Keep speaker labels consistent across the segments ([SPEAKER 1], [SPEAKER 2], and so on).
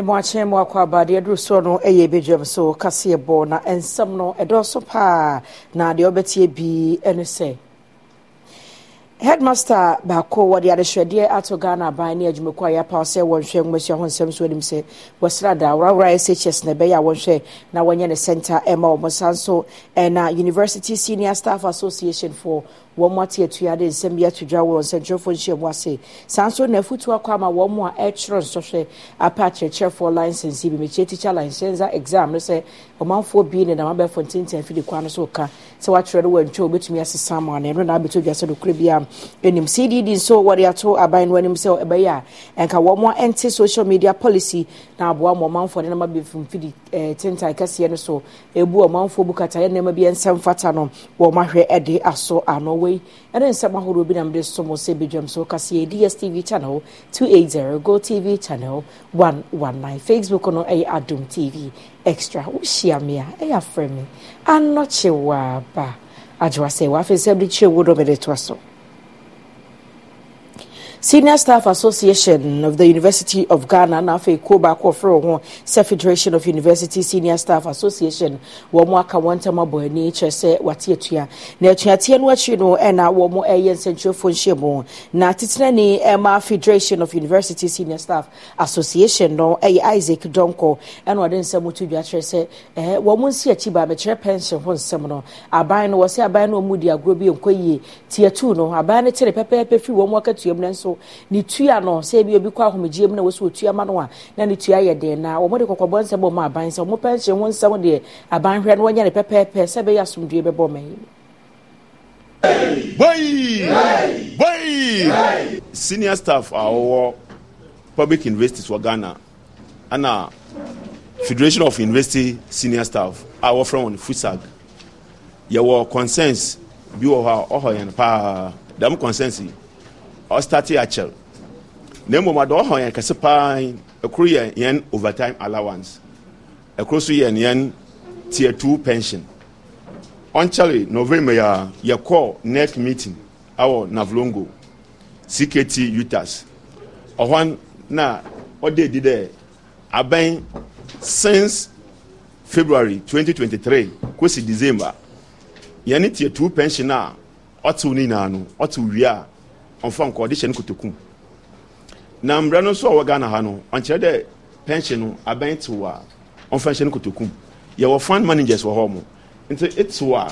[SPEAKER 1] ɛmo akyɛn mu akɔ aba deɛ ɛduru no ɛyɛ ebedwam so kaseɛ bɔ na nsɛm no ɛdɔɔso e paa na deɛ ɔbɛtie bi ɛne sɛ headmaster baako wɔde adehwɛdeɛ ato ghana aban e ne adwumakuo a yɛapaw sɛ wɔnhwɛ nwomasua ho nsɛm so anim sɛ wɔsra da worawora shs na ɛbɛyɛ a wɔnhwɛ na wɔnyɛ ne center ɛma e wɔ mo sa nso ɛna university senior staff association for wɔn ate atua de nsɛm bi ato dwa wɔ nsɛntwerɛfoɔ nhyiamu ase saa nso na afutuo akɔ ama wɔn a ɛtwerɛ nsɔhwɛ apɛ akyerɛkyerɛfoɔ license bi mekyerɛ teacher license exam no sɛ ɔmanfoɔ bi ne nam abɛɛfo ntenten afidi kwan no so ka sɛ watwerɛ no wɔntwerɛ wɔbɛtumi asesa ma no na abɛto dwa sɛ nokorɛ bi a ɛnim cdd nso wɔde ato aban no anim sɛ ɛbɛyɛ a ɛnka wɔn a ɛnte social media policy na aboa ma ɔmanfoɔ ne nam abɛfo mfidi tentan kɛseɛ no so ɛbu ɔmanfoɔ bu kataeɛ nneɛma bi ɛnsɛm fata no wɔn ahwɛ de aso ano wei ɛne nsɛm ahodoɔ bi nam de so mo sɛ badwam so kaseɛ dstv channel 280 go tv channel 119 facebook no ɛyɛ adom tv extra wohyia me ah? a ɛyɛ afrɛ me anɔkye waaba ah, agyewa sɛ waafei sɛ mde kyerɛ wo dɔ toa so senior staff association of the university of ghana na afei kó baako ɔfrɛ ho sɛ federation of university senior staff association wɔn e mo aka wɔn ntam abɔ ani kyerɛ sɛ wate atua na atuateɛ no akyi no ɛna wɔn mo ɛyɛ nsɛntwerɛfoɔ nhyiamu na tetena ni ɛma federation of university senior staff association no ɛyɛ e isaac donko ɛna ɔde nsɛm to dwa kyerɛ sɛ ɛɛ wɔn mo nsi akyi ba mɛkyerɛ pension ho nsɛm no aban no wɔsɛ aban no wɔn mu di agorɔ bi nkɔ yie tie two no aban no tere pɛpɛɛpɛ firi wɔn mo akatua mu na nso ne tua no sɛ ebi obi kɔ ahomegye mu na wɔsi otua ma no a na ne tua yɛ den na wɔn kɔkɔbɔ nsɛm bɔ wɔn aban sɛ wɔn pɛnhyɛn wɔn nsɛm deɛ aban hwɛ no wɔnyɛ ne pɛpɛɛpɛ sɛ ɛbɛyɛ asomdue bɛbɔ wɔn anim.
[SPEAKER 2] boyi boyi senior staff a public universities wɔ ghana ɛna federation of university senior staff a wɔfrɛ wɔn fusag yɛwɔ consensus bi wɔ hɔ a ɔhɔ yɛn paa dɛm concerns ɔstate akyɛr na mmom ade ɔhɔ yɛn kɛse paa ɛkoro yɛ yɛn overtime allowance ɛkoro so yɛ yɛn tier two pension ɔnkyɛre november yɛ yɛkɔɔ nec meeting awɔ navlongo ckt utas ɔhɔn na ɔde edi dɛ abɛn since february 2023 kɔsi december yɛn tier two pension a ɔtew ne nyinaa no ɔtew wie ɔmfa nkɔ ɔde hyɛ no kotokum na mmerɛ no nso a ɔwɔ ghana ha no ɔnkyerɛ dɛ pension no abɛn tew a ɔmfa nhyɛ no kotokum yɛwɔ fund managers wɔ hɔ mo nti etew a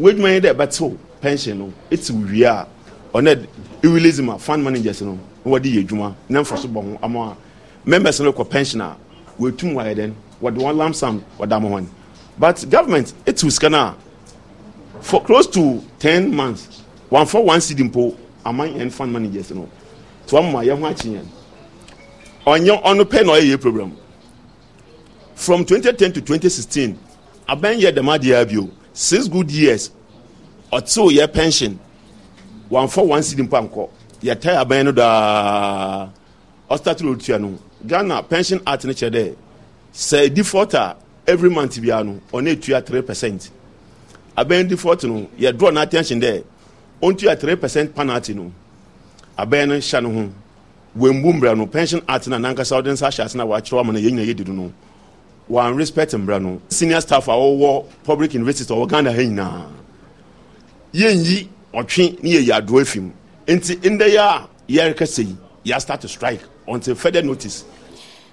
[SPEAKER 2] w'adwuma yi dɛ ɛbɛtew pension no etew wie a ɔnɛ release ma fund managers no na wɔde yɛ adwuma na mfa so bɔ ho ama members no kɔ pension a wɔatum wɔayɛ dɛn wɔde wɔn lam sam wɔda mo hɔn but government etew sika no a for close to ten months wɔn afɔ one cedi mpo aman and fund managers no to ama yɛn ho akyi yɛn ɔnyɛ ɔno pɛ na ɔyɛ yɛ program from 2010 to 2016 abɛn yɛ dɛm adeɛ abio six good years ɔtew yɛ pension wanfɔ one cedi mpa nkɔ yɛtae abɛn no daa ɔstatiri otua no ghana pension act no kyerɛ dɛ sɛ default a uh, every month biara no ɔno etua three percent abɛn default no yɛ draw na attention there ɔntua 3 percent penalty no abɛn no hyɛ no ho wɔmbu mbra no pension act no nankasa wode nsa hyɛ ase na wɔakyerɛ ama no yɛnyina yɛdidi no wɔn respect mbra no senior staff a wɔwɔ public university ɔwɔ ghana ha nyinaa yɛnyi ɔtwe ne yɛyɛ adoa fim nti ndɛ yɛ a yɛrekasa yi yɛastart to strike until further notice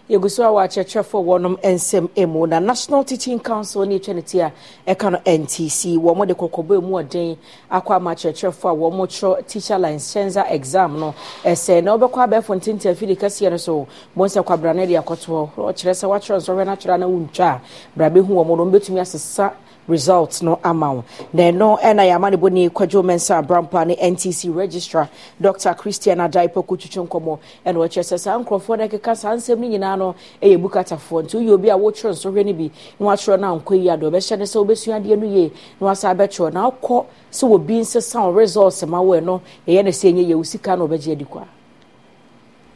[SPEAKER 1] yɛgu so a wɔ akyerɛkyerɛfoɔ wɔnom nsɛm mu na national teaching council ne ɛtwa ne ti a ɛka no ntc wɔn de kɔkɔbɔ mu ɔden akɔ ama akyerɛkyerɛfoɔ a wɔn kyerɛ teacher license exam no ɛsɛ na wɔbɛkɔ abɛɛfo ntenten afidie kɛseɛ no so wɔn sɛ kwabra no de akɔto hɔ ɔkyerɛ sɛ wakyerɛ nsɔhwɛ no atwerɛ na wontwa a bra bɛhu wɔn no wɔn asesa results no ama wo na ɛno ɛna yɛama ne bɔne kwadwo mensa abrampa ne ntc registrar dr christian adaipo kutwitwe nkɔmmɔ ɛna wɔkyerɛ sɛ saa nkurɔfoɔ no ɛkeka saa nsɛm no nyinaa no ɛyɛ bukatafoɔ nti woyɛ obi a wokyerɛ nsɔhwɛ no bi na wakyerɛ no ankɔ yi ade ɔbɛhyɛ no sɛ wobɛsua adeɛ no yie na wasa abɛkyerɛ na akɔ sɛ wɔbi nsesa wo results ma wo ɛno ɛyɛ no sɛ ɛnyɛ yɛ wo sika na wɔbɛgye adi kwa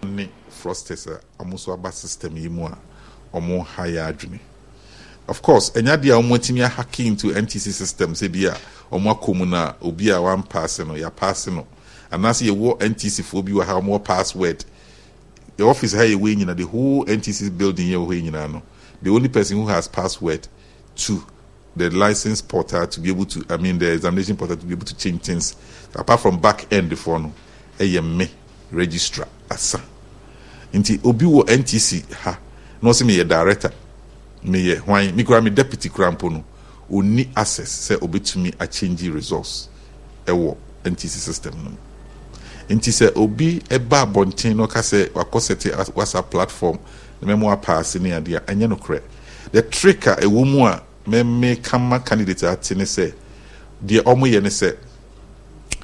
[SPEAKER 3] ne frosters a ɔmo nso aba system yi mu a ɔmo ha adwene of course ɛnya deɛ a wɔatumi ahacke into mtc system sɛ bi a wɔn akɔ mu na obi a wampaase no yɛapaase no anaasɛ yɛwɔ ntc foɔ bi wɔ ha wɔwɔ password the office ha yɛwɔ nyina the whole ntc building yɛwɔ hɔ nyinaa no the only person who has password to the license portal to be able to i mean the examination portal to be able to change things apart from back end foɔ no ɛyɛ me registrar asa nti obi wɔ ntc ha na ɔsɛ mi yɛ director meyɛ hwan me kora me deputy kora mpo no ɔnni access sɛ ɔbɛtumi achange resource ɛwɔ ntc system no nti sɛ obi ɛba abɔnten no ka sɛ wakɔsɛte whatsapp platform na mɛmo apaase ne adeɛ a ɛnyɛ nokorɛ the trick a ɛwɔ mu a mɛme kama candidate ate ne sɛ deɛ ɔmoyɛ ne sɛ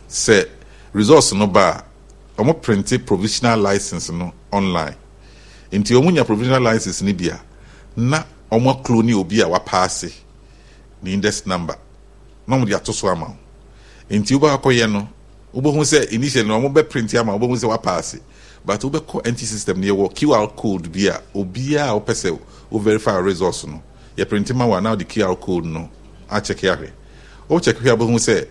[SPEAKER 3] sɛ resource no ba a ɔmo printe provisional license no online nti ɔmo nya provisional license no bi a na ɔmo akuro ne obi a wapaase ne index number na ɔmo de ato so ama wo nti wobɛ akɔyɛ no wobɛhu sɛ initially no ɔmo bɛ print ama wobɛhu sɛ wapaase but wobɛkɔ nt system no yɛwɔ qr code bi a obiaa wopɛ sɛ woverify resource no print ma wo a na wode qr code no akyɛke ahwɛ wokyɛke hwɛ a wobɛhu sɛ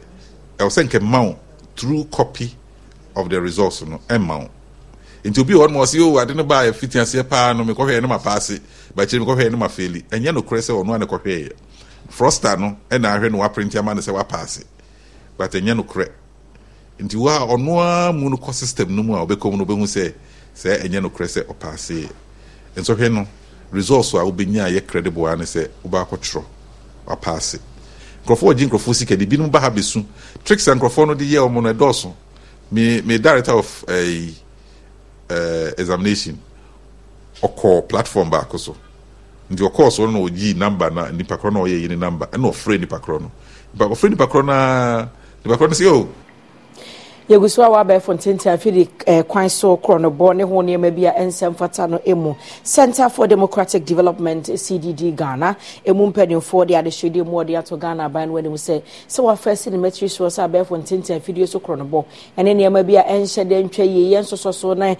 [SPEAKER 3] ɛwɔ sɛ nkɛma wo through copy of the resource no ɛmma wo nti obi wɔ no ma ɔsi o ade no baa ɛfiti aseɛ paa no mekɔhwɛɛ no ma paase bakyire mekɔhwɛɛ no ma feli ɛnyɛ nokorɛ sɛ ɔno a ne kɔhwɛɛ frosta no ɛna ahwɛ no waprinti ama no sɛ wapaase but ɛnyɛ nokorɛ nti wo a ɔno a mu no kɔ system no mu a wobɛkɔ mu no wobɛhu sɛ sɛ ɛnyɛ nokorɛ sɛ ɔpaaseɛ nsɔhwɛ no resource a wobɛnya a yɛ credible a ne sɛ wobɛakɔtwerɛ wapaase nkurɔfoɔ ɔgye nkurɔfoɔ sika de binom ba ha bɛsu tricks a nkurɔfoɔ no de yɛ ɔmo no ɛdɔɔso me me director of ɛyi eh, uh, examination ɔkɔɔ platform baako so nti ɔkɔɔ so na ɔyii namba na nipa korɔ na ɔyɛ yɛ ne namba ɛna ɔfrɛ nipa korɔ no nipa ɔfrɛ nipa korɔ na nipa korɔ no sɛ o
[SPEAKER 1] yɛgu so a waabɛɛfo ntenten afe eh, de kwan so korɔnobɔ ne ho nneɛma bi a ɛnsɛm fata no mu center for democratic development cdd ghana ɛmu mpanimfoɔ de adehyɛdeɛ mu ɔde ato ghana aban no anim sɛ sɛ wɔafɛ cinematry soɔ sɛ abɛɛfo ntenten afidie so korɔnobɔ ɛne nneɛma bi a ɛnhyɛ dɛ ntwa yie yɛnsosɔ so na eh,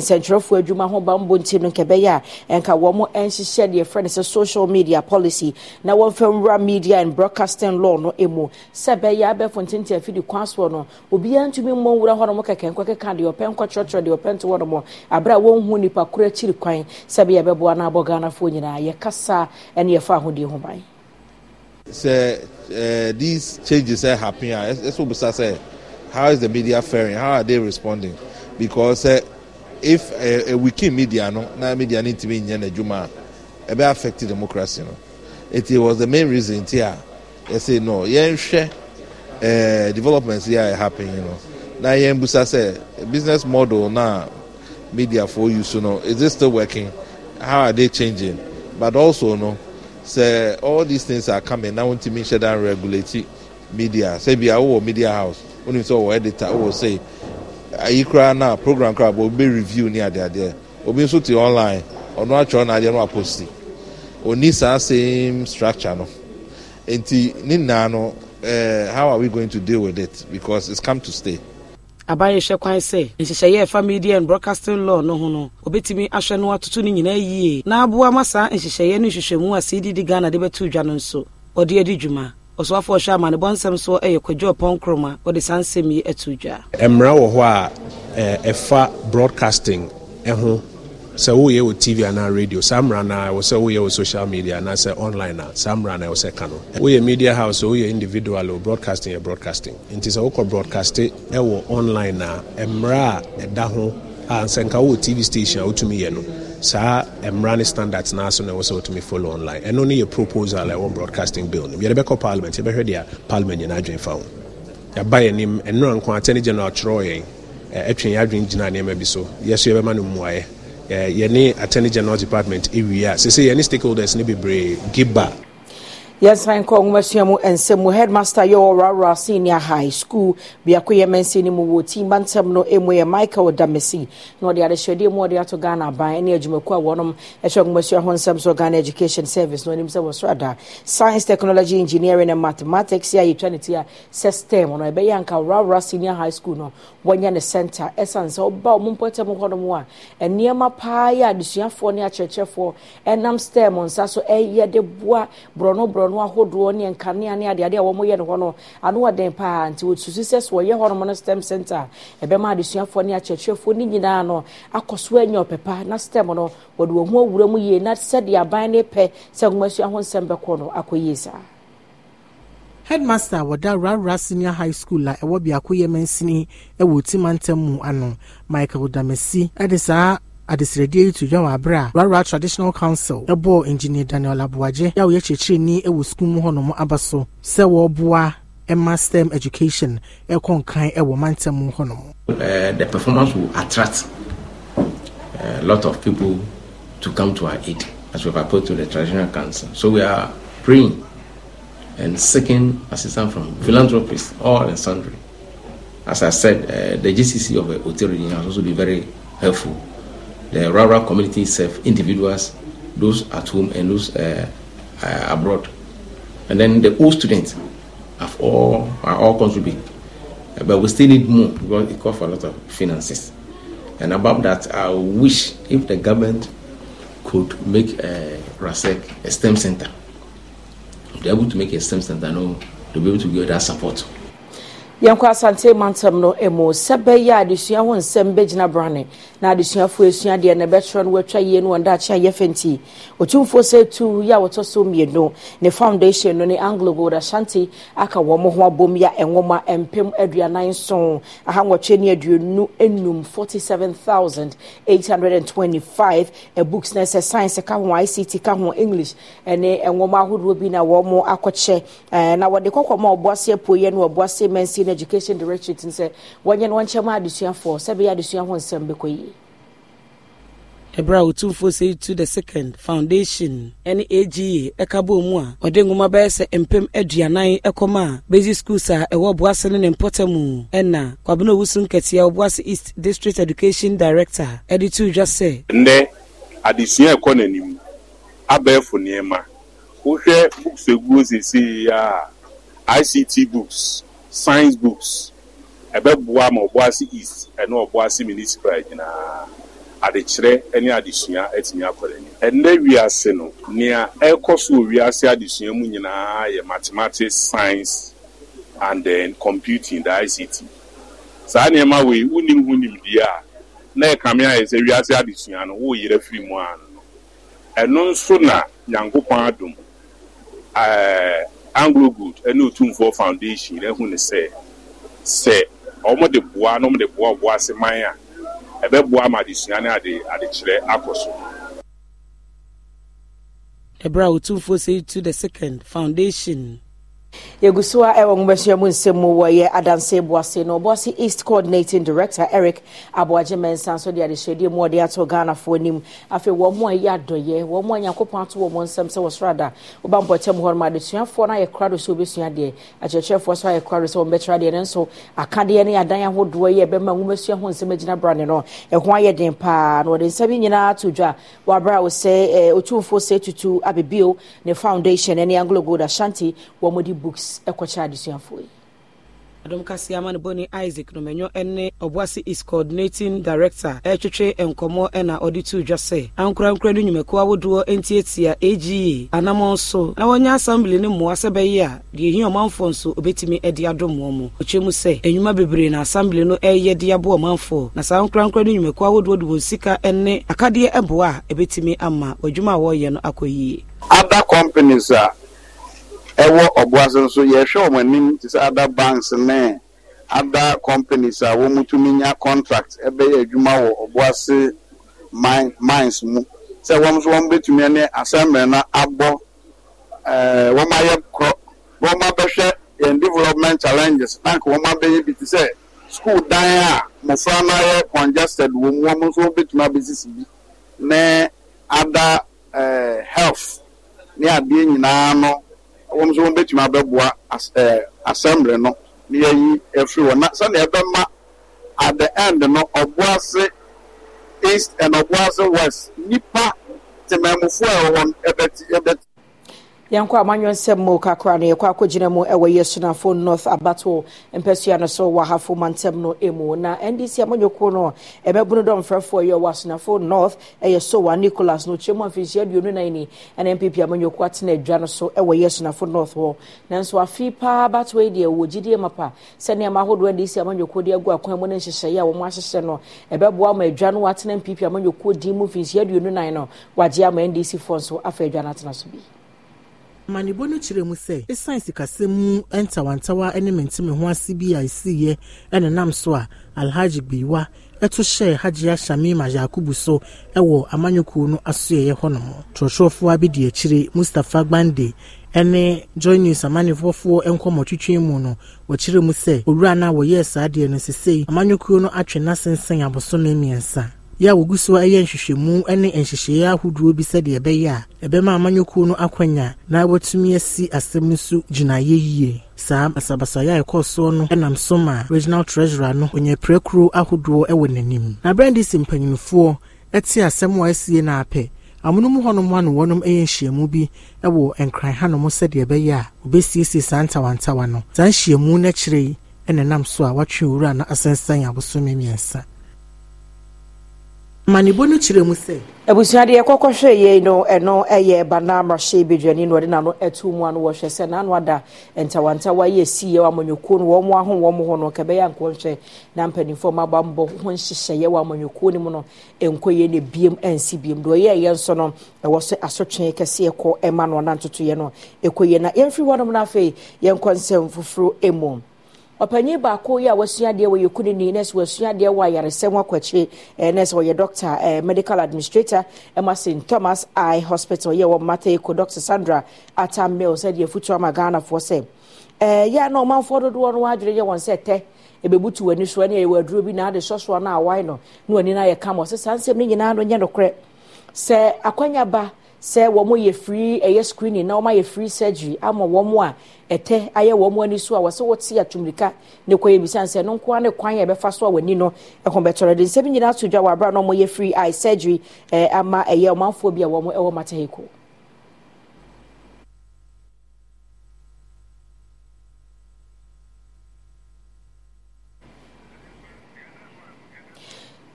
[SPEAKER 1] nsɛntwerɛfoɔ adwuma ho bambɔ nti no nkɛbɛyɛ a ɛnka wɔ mo ɛnhyehyɛ deɛ frɛ no sɛ social media policy na wɔmfa nwura media and broadcasting law no mu sɛ ɛbɛyɛ abɛɛfo ntenten afidie kwan soɔ no obiara ntumi ntumi mmɔ nwura hɔnom kɛkɛ nkɔkeka deɛ ɔpɛ nkɔkyerɛkyerɛ deɛ ɔpɛ nto hɔnom aberɛ a wɔnhu nipa koro akyiri kwan sɛbe yɛbɛboa no abɔ ghanafoɔ nyinaa yɛkasa ɛne yɛfa ahodeɛ ho ban
[SPEAKER 3] sɛ eh, these changes ɛ happen a ɛsɛ obisa sɛ how is the media faring how are they responding because uh, if uh, eh, uh, weaken media no na media no ntumi nyɛ n'adwuma a ɛbɛ affect democracy no it was the main reason ti a yɛsɛ no yɛnhwɛ uh, developments yɛ a happen you know na yɛn busa sɛ business model na media for you so no is it still working how are they changing but also no sɛ all these things are coming na wɔn ti mi hyɛ dan regulate media sɛ bi awo media house wɔn ni sɛ ɔwɔ editor ɔwɔ sɛ ayi koraa na program koraa bɔ obi review ni adeadeɛ obi nso ti online ɔno atwerɛ na adeɛ no aposti oni saa same structure no nti ne nyinaa no eh, how are we going to deal with it because it's come to stay
[SPEAKER 4] abayɛhwɛ kwan sɛ nhyehyɛeɛ ɛfa media and broadcasting law no ho no obetumi ahwɛ no atoto no nyinaa yie na aboa ma saa nhyehyɛeɛ no nhwehwɛmu a cdd ghana de bɛto dwa no nso ɔde adi dwuma ɔsoafo ɔhwɛ amanebɔnsɛm so ɛyɛ kwadwo ɔpɔn kroma wɔde saa nsɛm yi ato dwa
[SPEAKER 2] mmara wɔ hɔ a ɛfa broadcasting ho sɛ woyɛ wɔ tv anaa radio saa mmara no ɛwɔ sɛ woyɛ wɔ social media anaasɛ online a saa mmara no ɛwɔ sɛ ka no woyɛ media house woyɛ individual o broadcasting yɛ broadcasting nti sɛ wokɔ broadcaste ɛwɔ online a mmara a ɛda ho a sɛ nka wowɔ tv station a wotumi yɛ no saa mmara ne standards no aso na ɛwɔ sɛ wotumi follow online ɛno ne yɛ proposal a ɛwɔ broadcasting bill no yɛde bɛkɔ parliament yɛbɛhwɛ deɛ parliament nyinaa adwen fa ho yɛba yɛ nim ɛnora nko attorney general kyerɛw yɛn ɛtwe yɛn adwen gyina nneɛma bi so yɛ so yɛbɛma no mmuaeɛ Eh, yɛne attorney general department ɛwie a sɛ sɛ yɛne stakeholders ne bebree giba
[SPEAKER 1] yɛnsan kɔ nwomasua mu nsɛm mu headmaster yɛ wɔ rawra senior high school biako yɛ mɛnsi no mu wɔ timba ntɛm no ɛmu yɛ michael damasi na ɔde adehyɛdeɛ mu ɔde ato ghana aban ne adwumaku a wɔnom ɛhwɛ nwomasua ho nsɛm so ghana education service na ɔnim sɛ wɔsoro ada science technology engineering and mathematics a yɛtwa ne ti a sɛ stem no ɛbɛyɛ anka rawra senior high school no wɔnyɛ ne center ɛsiane sɛ ɔba ɔmo mpɔtam hɔnom a nneɛma paa yɛ adesuafoɔ ne akyerɛkyerɛfoɔ ɛnam stem nsa so ɛyɛ de boa borɔno borɔno aborɔno ahodoɔ ne nkanea ne adeadeɛ a wɔyɛ no hɔ no ano ɔden paa nti wɔsusu sɛ sɛ wɔyɛ hɔnom no stem center ɛbɛma adesuafoɔ ne akyerɛkyerɛfoɔ ne nyinaa no akɔ anya ɔpɛpa na stem no wɔde wɔn ho awura mu yie na sɛdeɛ aban ne pɛ sɛ nwoma sua ho nsɛm bɛkɔ no akɔ yie saa
[SPEAKER 5] headmaster wɔda rawra senior high school a ɛwɔ beako yɛ mansini ɛwɔ otimantam mu ano michael damasi ɛde saa adesirɛdeɛ yi to dwam abere a rara traditional council ɛbɔɔ engineer daniel abuagye yɛ a wɔyɛ kyerɛkyerɛni wɔ sukuu mu hɔnom aba so sɛ wɔreboa ɛma stem education ɛkɔ nkan ɛwɔ mantam mu hɔnom.
[SPEAKER 2] Eh, the performance will attract a eh, lot of people to come to our aid as we appeal to the traditional council so we are praying and
[SPEAKER 3] seeking assistance from
[SPEAKER 2] philanthropists all and sundry as i said uh, the gcc of uh, otero has also been very helpful the rural community itself, individuals, those at home and those uh, uh, abroad. And then the old students have all are all contributing, uh, but we still need more because it costs a lot of finances. And above that, I wish if the government could make a uh, RASEC a STEM center. If they're able to make a STEM center, know they'll be able to give that support
[SPEAKER 1] yɛnkɔ asante mantam no mu sɛ bɛyɛ adesua ho nsɛm bɛgyina brane na adesuafoɔ asua deɛ na ɛbɛkyerɛ no watwa yie no wɔndaakye a yɛfa nti ɔtumfoɔ sɛ tu yɛ a wɔtɔ so mmienu ne foundation no ne anglo gold ashanti aka wɔn mo ho abom yɛ nwoma mpem aduanan nson ahawɔtwe ne aduonu enum forty seven thousand eight hundred and twenty five books na sɛ science ka ho ict ka ho english ne nwoma ahodoɔ bi na wɔn akɔkyɛ na wɔde kɔkɔm a ɔboaseɛ poeɛ no ɔboaseɛ mansi na education directorate n sɛ wɔnyɛ no wɔnkyɛ ma adesuafoɔ sɛ adesua ho nsɛm bɛkɔ yie
[SPEAKER 4] ɛberɛ a ɔtumfoɔ sɛ to the second foundation ne aga ɛka bɔɔ mu a ɔde nwoma bɛyɛ sɛ mpem aduanan ɛkɔma a basic schools a ɛwɔ boase ne ne mpɔta mu ɛna kwabena owu so nkɛteɛ ɔboase east district education director ɛde to dwa sɛ
[SPEAKER 2] nnɛ adesua ɛkɔ n'anim abɛɛfo nneɛma wohwɛ books ɛguo sesei e a ict books science books ebe bua ma ọ ɔboase east ene ɛne ɔboase municipal nyinaa adekyerɛ ne adesua atumi akɔrɔ ani ɛnɛ wiase no nea ɛrekɔ so wɔ wiase adesua mu nyinaa yɛ mathematics science and then computing the ict saa nneɛma wei wonim ho nimdeɛ a na ɛkame ayɛ sɛ wiase adesua no woyerɛ firi mu a no ɛno nso na nyankopɔn adom ɛɛ anglo good ɛne otumfoɔ foundation ɛhu ne sɛ sɛ wɔn de boa na wɔn de boa boa ase man a ɛbɛboa ama adesua ne ade adekyerɛ akɔ so.
[SPEAKER 4] ɛberɛ a otumfoɔ sɛ to the second foundation
[SPEAKER 1] yɛgu so a ɛwɔ eh, nwomasuamu nsɛm mu wɔyɛ adanse boase na ɔboase east coordinating director eric aboagye mɛnsa nso de adehyɛdeɛ mu ɔde ato ghanafoɔ anim afei wɔn mo a ɛyɛ adɔyɛ wɔn mo a nyankopɔn ato wɔn nsɛm sɛ wɔsoro ada woba mpɔtam hɔ nom adesuafoɔ no ayɛ kora do sɛ wɔbɛsua deɛ akyerɛkyerɛfoɔ so ayɛ kora do sɛ wɔmbɛkyerɛ deɛ ne nso akadeɛ ne adan ahodoɔ yi ɛbɛma nwomasua ho nsɛm agyina brane no ɛho e ayɛ den paa na wɔde nsɛm yi nyinaa to dwa wɔabrɛ a wo sɛ ɔtumfoɔ eh, sɛ tutu abebio ne foundation ne anglo gold ashanti wɔmde bu
[SPEAKER 4] books ɛkɔkyɛ adesuafoɔ yi adom kase ama ne bɔne isaac nomanyo ne ɔboase is coordinating director ɛretwetwe nkɔmmɔ ɛna ɔde tuu dwa sɛ ankorankora no nnwumakuo ahodoɔ ntiatia ɛgyiye anammɔ so na wɔnyɛ assembly ne mmoa sɛ bɛyɛ a deɛ ɛhia ɔmanfoɔ nso obɛtumi de adommoɔ mu ɔkyerɛ mu sɛ anwuma bebree na assembly no ɛreyɛ de aboa ɔmanfoɔ na saa nkorankora no nnwumakuo ahodoɔ de wɔn sika ne akadeɛ ɛboa a ɛbɛtumi ama adwuma a wɔreyɛ no akɔ yie
[SPEAKER 2] other companies a ɛwɔ ɔboase nso yɛhwɛ wɔn anim te sɛ ada banks ne ada companies a wɔn tumi nya
[SPEAKER 5] contract ɛbɛyɛ adwuma wɔ ɔboase mine mines mu sɛ wɔn nso wɔn bɛtumi ne asɛmbrɛ na abɔ ɛɛ eh, wɔn ayɛ korɔ wɔn abɛhwɛ yɛn development challenges na nka wɔn abɛyɛ bi te sɛ school dan a mmɔfra no ayɛ congested wɔ mu wɔn nso bɛtumi abɛsisi bi ne ada ɛɛ eh, health ne adeɛ nyinaa no wɔn nso wɔbɛtumi abɛboa as ɛɛ asɛmbre no ne yɛyi efiri hɔ na sɛnea ɛbɛma at the
[SPEAKER 3] end no ɔboase east and ɔboase west nipa temamufoɔ a ɛwɔ ɛbɛti ɛbɛti
[SPEAKER 1] yɛnkɔ amanwɛnsɛm mu kakra no yɛkɔ akɔgyina mu ɛwɔ yɛ sunafo north abato mpɛsua no so wɔ ahafo mantam no mu na ndc amanyɔkuo no ɛbɛbunu dɔ mfrɛfoɔ yɛ wɔ asunafo north ɛyɛ sowa nicholas no kyerɛ mu mfirihyia aduonu nan ni ɛna npp amanyɔkuo atena adwa no so ɛwɔ yɛ sunafo north hɔ nanso afe paa abato yi deɛ wɔ gyidie ma pa sɛ nneɛma ahodoɔ ndc amanyɔkuo de agu akwan mu ne nhyehyɛeɛ a wɔn ahyehyɛ no ɛbɛboa ma adwa no atena npp amanyɔkuo din mu mfirihyia aduonu nan no wagye ama ndc foɔ nso afa adwa no atena so bi
[SPEAKER 5] amanibɔ no kyerɛ mu sɛ ɛsan sikasɛm mu ntawantawa ne menteme ho ase bi a ɛsiiɛ nenam so a alhaji gbiwa ɛto hyɛɛ hagyea shamima yakubu so ɛwɔ amanyɔkuo no asoɛeɛ hɔnom twerɛtwerɛfoɔ bi di akyire mustapha gbande ɛne joy news amannefoɔfoɔ nkɔmmɔtwitwe mu no wɔkyerɛ mu sɛ owura no a wɔyɛɛ saa deɛ no sesei amanyɔkuo no atwe n'asensɛn abosome mmiɛnsa yɛ a wɔgu so ɛyɛ nhwehwɛmu ne nhyehyɛeɛ ahodoɔ bi sɛdeɛ ɛbɛyɛ a ɛbɛma amanyɔkuo no akwanya na wɔatumi asi asɛm no so gyinayɛ yie saa basabasayɛ a ɛkɔɔ soɔ no ɛnam so ma regional treasurer no ɔnya pirakuro ahodoɔ ɛwɔ n'anim na berɛnde si mpanyinfoɔ ɛte asɛm a asie no apɛ amonom hɔnom ano wɔnom yɛ nhyiamu bi wɔ nkran hanom sɛdeɛ ɛbɛyɛ a wɔbɛsiesie saa ntawantawa no saa nhyiamu no akyire yi ɛna nam so a wɔatwe owura no asensɛn abosome mmiɛnsa manibo no kyerɛ mu sɛ
[SPEAKER 1] abusua deɛ kɔkɔ hwɛ yei no ɛno ɛyɛ banama hyɛ bedwani no ɔde n'ano ɛto mu ano wɔhwɛ sɛ n'ano ada ntawantawa yɛ siiɛ wɔ amanyɔkuo no wɔn aho wɔn ho no kɛbɛyɛ nkɔnhwɛ na mpanimfoɔ ma ba ho nhyehyɛeɛ wɔ amanyɔkuo no mu no nkɔ yie na biem ɛnsi biem deɛ ɔyɛ ɛyɛ nso no ɛwɔ sɛ asotwe kɛseɛ kɔ ɛma no ɔnantotoeɛ no ɛkɔ na yɛmfiri hɔ nom no afei yɛnkɔ nsɛm foforɔ emu ɔpanyin baako yi a wasua adeɛ wɔ yɛku ne ni nɛsɛ wasua adeɛ wɔ ayaresɛm akɔkye ɛɛ nɛsɛ doctor ɛɛ medical administrator ɛma st thomas eye hospital yɛ wɔ mmata yi doctor sandra atam mills ɛde afutu ama ghanafoɔ sɛ ɛɛ yɛ a na ɔmanfoɔ dodoɔ no adwene yɛ wɔn sɛ tɛ ebebutu w'ani so ɛne ɛwɔ aduro bi na ade sɔsoɔ na awae no na w'ani na yɛ kam ɔsɛ saa nsɛm ne nyinaa no nyɛ nokorɛ sɛ akwanya ba sɛ wɔn yɛ free ɛyɛ screening na wɔn ayɛ free surgery ama wɔn a ɛtɛ ayɛ wɔn ani so a wɔsɛ wɔte atumrika ne kɔ yɛ bisa nsɛ no nkoa ne kwan a yɛbɛfa so a wɔn ani no ɛho bɛtɔrɔ de nsɛm nyinaa to dwa wɔ abira na wɔn yɛ free eye surgery ɛɛ ama ɛyɛ ɔmanfoɔ bi a wɔn ɛwɔ mata eko.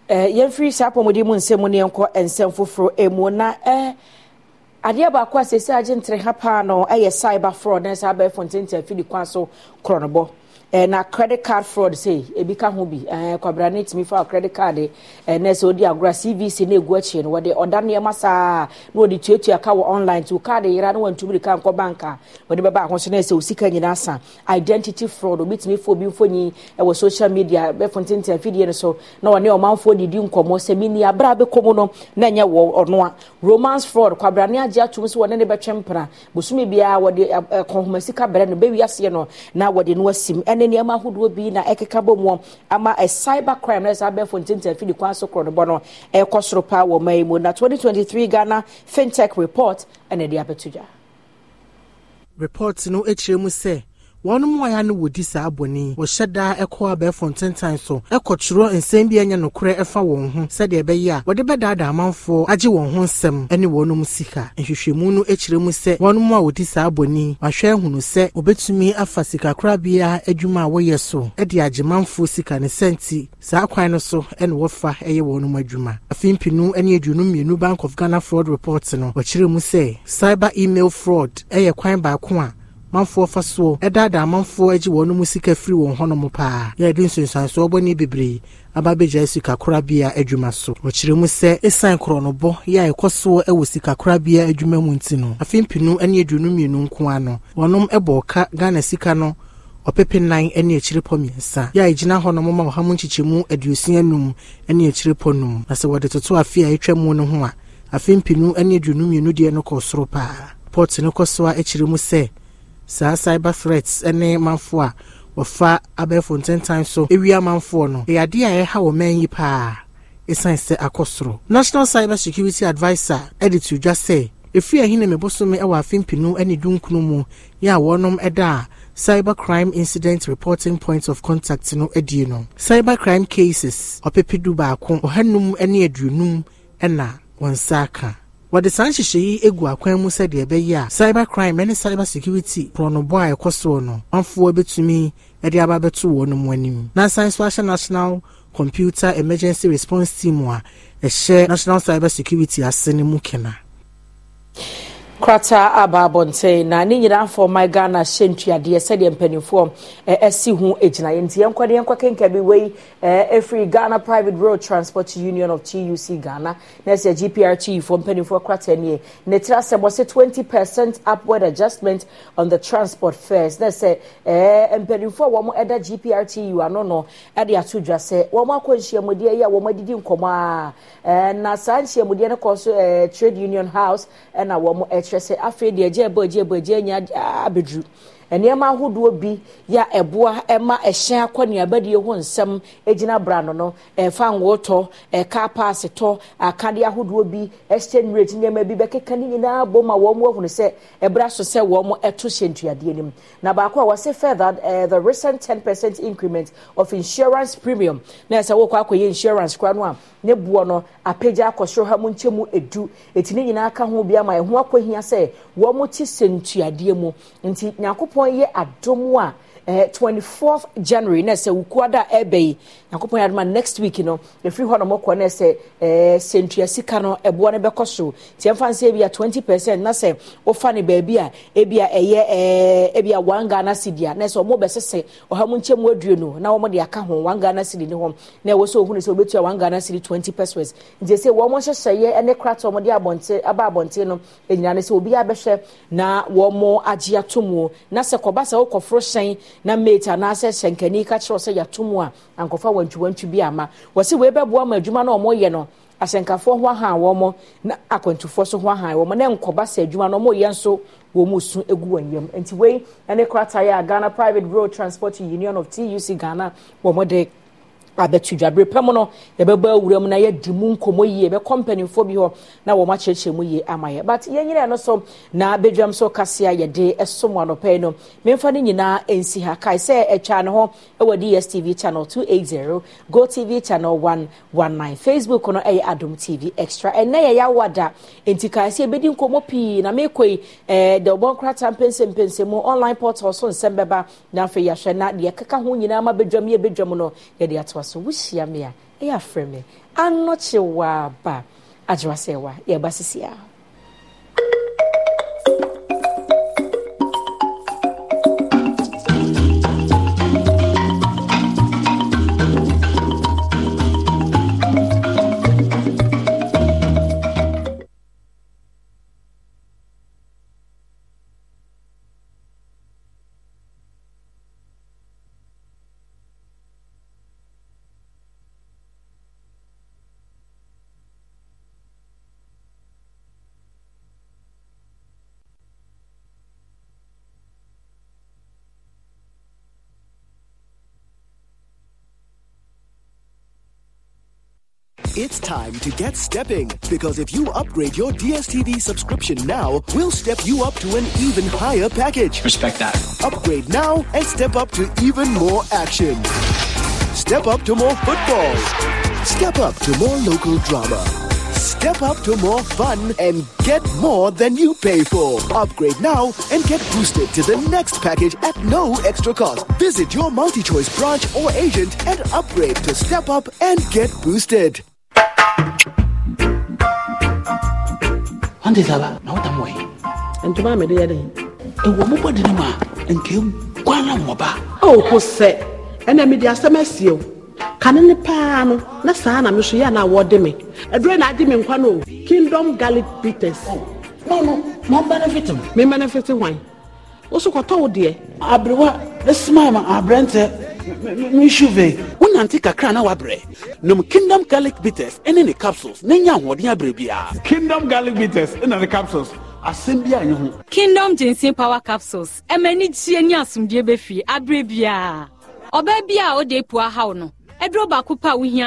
[SPEAKER 1] yɛmfiri saa apɔmuden mu nsɛm ne yɛnkɔ nsɛm foforɔ emu na ɛɛ. Eh, adeɛ baako a sɛ sɛ agye ntere ha paa no ɛyɛ cyber fraud na ɛsɛ abɛɛfo ntɛntɛn afidi kwan so korɔnobɔ eh, na credit card fraud sei ebi ka ho bi eh, kwabra ne tumi fa credit card eh, na sɛ odi agorɔ cvc na egu akyi no wɔde ɔda nneɛma saa na wɔde tuatua ka wɔ online to card yera na wɔntumi de ka nkɔ bank a wɔde bɛba ahosuo na sɛ osika nyinaa sa identity fraud obi tumi fo obi mfonyi ɛwɔ eh, social media bɛfo ntenten afidie no so na wɔne ɔmanfoɔ didi nkɔmɔ sɛ ni abira abɛkɔ mu no na nyɛ wɔ ɔno romance fraud kwabra ne agye atum so wɔne ne bɛtwɛn mpena bosomi biara wɔde ɛkɔnhomasika eh, eh, bɛrɛ no bɛwi aseɛ no na wɔde no asim ɛne ne nneɛma ahodoɔ bi na ɛkeka bɔ mu ama a eh, cyber crime na ɛsɛ abɛɛfo ntintan fidi kwan so korɔ no bɔ no ɛkɔ soro paa wɔ man mu na 2023 ghana fintech report ɛna ɛde abɛto dwa
[SPEAKER 5] report no akyerɛ mu sɛ wɔn mu ayɛ no wɔdi saa abɔni wɔhyɛ daa ɛkɔ abɛɛfo ntentan so ɛkɔtwerɛ nsɛm bi ɛnyɛ nokorɛ ɛfa wɔn ho sɛdeɛ ɛbɛyɛ a wɔde bɛdaadaa amanfoɔ agye wɔn ho nsɛm ɛne wɔn mu sika nhwehwɛmu no akyerɛ mu sɛ wɔn mu a wɔdi saa abɔni wahwɛ ahunu sɛ wɔbɛtumi afa sikakorabea adwuma a wɔyɛ so ɛde agye manfoɔ sika ne sɛnti saa kwan no so ɛna wɔfa ɛyɛ wɔn mu adwuma afei mpinu ɛne aduonu mmienu bank of ghana fraud report no wɔkyerɛ mu sɛ cyber email fraud ɛyɛ kwan baako a manfoɔ fa soɔ ɛdaadaa manfoɔ agye wɔn mu sika firi wɔn hɔnom paa yɛ de nsonsansoɔ bɔne bebree aba bɛgya sikakorabea adwuma so wɔkyerɛ mu sɛ ɛsan korɔnobɔ yɛ a ɛkɔ soɔ ɛwɔ sikakorabea adwuma mu nti no afei mpinu ne aduonu mmienu nko ano wɔnom ɛbɔ ɔka ghana sika no ɔpepe nan ne akyirepɔ mmiɛnsa yɛ a ɛgyina hɔ nom ma ɔham nkyekyɛmu aduosia num ne akyirepɔ num na sɛ wɔde toto afe a ɛtwa mu no ho a afe mpinu ne aduonu mmienu deɛ no kɔ soro paa pɔt no kɔ so a akyire mu sɛ saa cyber threats ne manfoɔ a wɔfa abɛɛfo ntentan so ewia manfoɔ no ɛyɛ adeɛ a ɛha wɔn mɛn yi paa ɛsan sɛ akɔ soro national cyber security adviser ɛde to dwa sɛ efi ɛhin na mebosome ɛwɔ afimpinu ɛne dunkunu mu yɛ a wɔnom ɛda a cyber crime incident reporting points of contact no adie no cyber crime cases ɔpepedu baako ɔhanum ɛne aduonum ɛna wɔn nsa aka wɔde saa nhyehyɛ yi egu akwan mu sɛdeɛ ɛbɛyɛ a cyber crime ne cyber security prɔnobɔ a ɛkɔ soɔ no ɔnfoɔ bɛtumi ɛde aba bɛto wɔn mu anim na so ahyɛ national computer emergency response team a ɛhyɛ national cyber security ase ne mu kena
[SPEAKER 1] krata aba abɔnten na ne nyinaa afɔ ɔman ghana hyɛ ntuadeɛ sɛdeɛ mpanimfoɔ ɛsi ho gyina nti yɛnkɔ de yɛnkɔ kenka bi wei Every eh, ghana private road transport union of tuc ghana na ɛsɛ gprt from mpanimfoɔ krata nie ne a 20 percent upward adjustment on the transport fares a ɛsɛ for eh, mpanimfoɔ more ɛda gprt are no no? At the sɛ say akɔ nhyiamudeɛ yi a wɔn adidi nkɔmɔ a ɛɛ eh, na saa nhyiamudeɛ no kɔ so trade union house and wɔn ɛkyerɛ sɛ afei deɛ gye ɛbɔ gye ɛbɔ gye nneɛma ahodoɔ bi yɛ ɛboa ma ɛhyɛn akɔneabadie ho nsɛm gyina brano no ɛfangotɔ ɛkapaasetɔ akadeɛ ahodoɔ bi ɛhyɛ rate nneɛma bi bɛkeka ne nyinaa bɔ ma wɔn ahunu sɛ ɛbra so sɛ wɔn ɛto hyɛ ntuadeɛ no na baako a wɔse further uh, the recent ten percent increment of insurance premium na ɛsɛ wɔkɔ akɔyɛ insurance kora no a ne boɔ no apagya akɔ soro ha mu nkyɛn mu edu eti nyinaa ka ho bi ama ɛho akɔhia sɛ wɔn ti hyɛ ntuadeɛ mu nti nyakopɔn wɔnyɛ adom a Eh, twenty fourth january na sɛ wukuada ɛbɛ yi nyankopɔn yɛ adoma next week no efiri hɔ na ɔmo kɔ na sɛ ɛɛ eh, sentua sika no ɛboɔ no bɛkɔ so tiɛ nfa nsɛ ebi a twenty percent na sɛ wofa ne baabi a ebi a ɛyɛ ɛɛ eh, ebi a one ghana cedi a na sɛ ɔmo bɛsɛsɛ ɔha mu nkyɛn mu aduonu na ɔmo de aka ho one ghana cedi ne hɔ na ɛwɔ sɛ ohun sɛ obetua one ghana cedi twenty percent nti sɛ wɔn hyehyɛeɛ ne kra tɔ ɔmo de abɔnten aba abɔnten no nyinaa no sɛ obi abɛhwɛ na wɔn agye ato mu na sɛ kɔba sɛ wokɔforo hyɛn na mate anaasɛ hyɛnkani ka kyerɛ sɛ yɛato mu a ankɔfa wantwiwantwi bi ama wɔse wei bɛboa ma adwuma no ɔmoyɛ no asɛnkafoɔ ho aha wɔ mo na akwantufoɔ so ho aha wɔ mo na nkɔba sɛ adwuma no ɔmoyɛ nso wɔn mu su egu wɔn yam nti wei ne krataa yɛ a ghana private road transport union of tuc ghana wɔn de abɛto dwabere pɛm no yɛbɛbɔ awura mu na yɛdi mu nkɔmmɔ yie yɛbɛkɔ mpanimfoɔ bi hɔ na wɔn akyerɛkyerɛ mu yie ama yɛ but yɛn nyinaa no so na badwam so kase a yɛde ɛsom anɔpɛ yi no memfa no nyinaa nsi ha kae sɛ ɛtwa ne ho ɛwɔ dstv channel 280 go tv channel 119 facebook no ɛyɛ adom tv extra ɛnɛ yɛ yɛawa da nti kae sɛ yɛbɛdi nkɔmmɔ pii na meekɔ yi ɛɛ eh, deɛ ɔbɔ mpɛnsɛmpɛnsɛ mu online portal so nsɛm bɛba na afei yɛahwɛ na deɛ ɛkeka ho nyinaa ma badwam yɛ badwam no yɛde atoa toa so wohyia me a ɛyɛ afrɛ me anɔkye waaba wa yɛba sisia
[SPEAKER 5] It's time to get stepping because if you upgrade your DSTV subscription now, we'll step you up to an even higher package. Respect that. Upgrade now and step up to even more action. Step up to more football. Step up to more local drama. Step up to more fun and get more than you pay for. Upgrade now and get boosted to the next package at no extra cost. Visit your multi choice branch or agent and upgrade to step up and get
[SPEAKER 4] boosted. wanda ya zaba na watan waye in tuma mai da yadda ɛwɔ mo bɔde no mu a nka ɛguala mmɔ ba ɔwoko sɛ ɛna mede asɛm asie o kane ne paa no na saa na me so yɛ na wɔde me ɛdurɛ na agye me nkwa no kingdom garlic peters no no ma benefit m me benefit hwan o so kɔtɔ o deɛ aberewa ne smaa ma aberɛntɛ nsu vɛ wonante kakra na wabrɛ nom
[SPEAKER 2] kingdom garlic bitters ne ne capsules na nya ahoɔden abrɛ biara kingdom garlic bitters na ne
[SPEAKER 5] capsules asɛm bi a ɛnyɛ ho
[SPEAKER 1] kingdom ginseng power capsules ɛma ani gyie ne asomdue bɛfiri abrɛ biara ɔbaa bi a ɔde apua haw no ɛduro baako pa wohia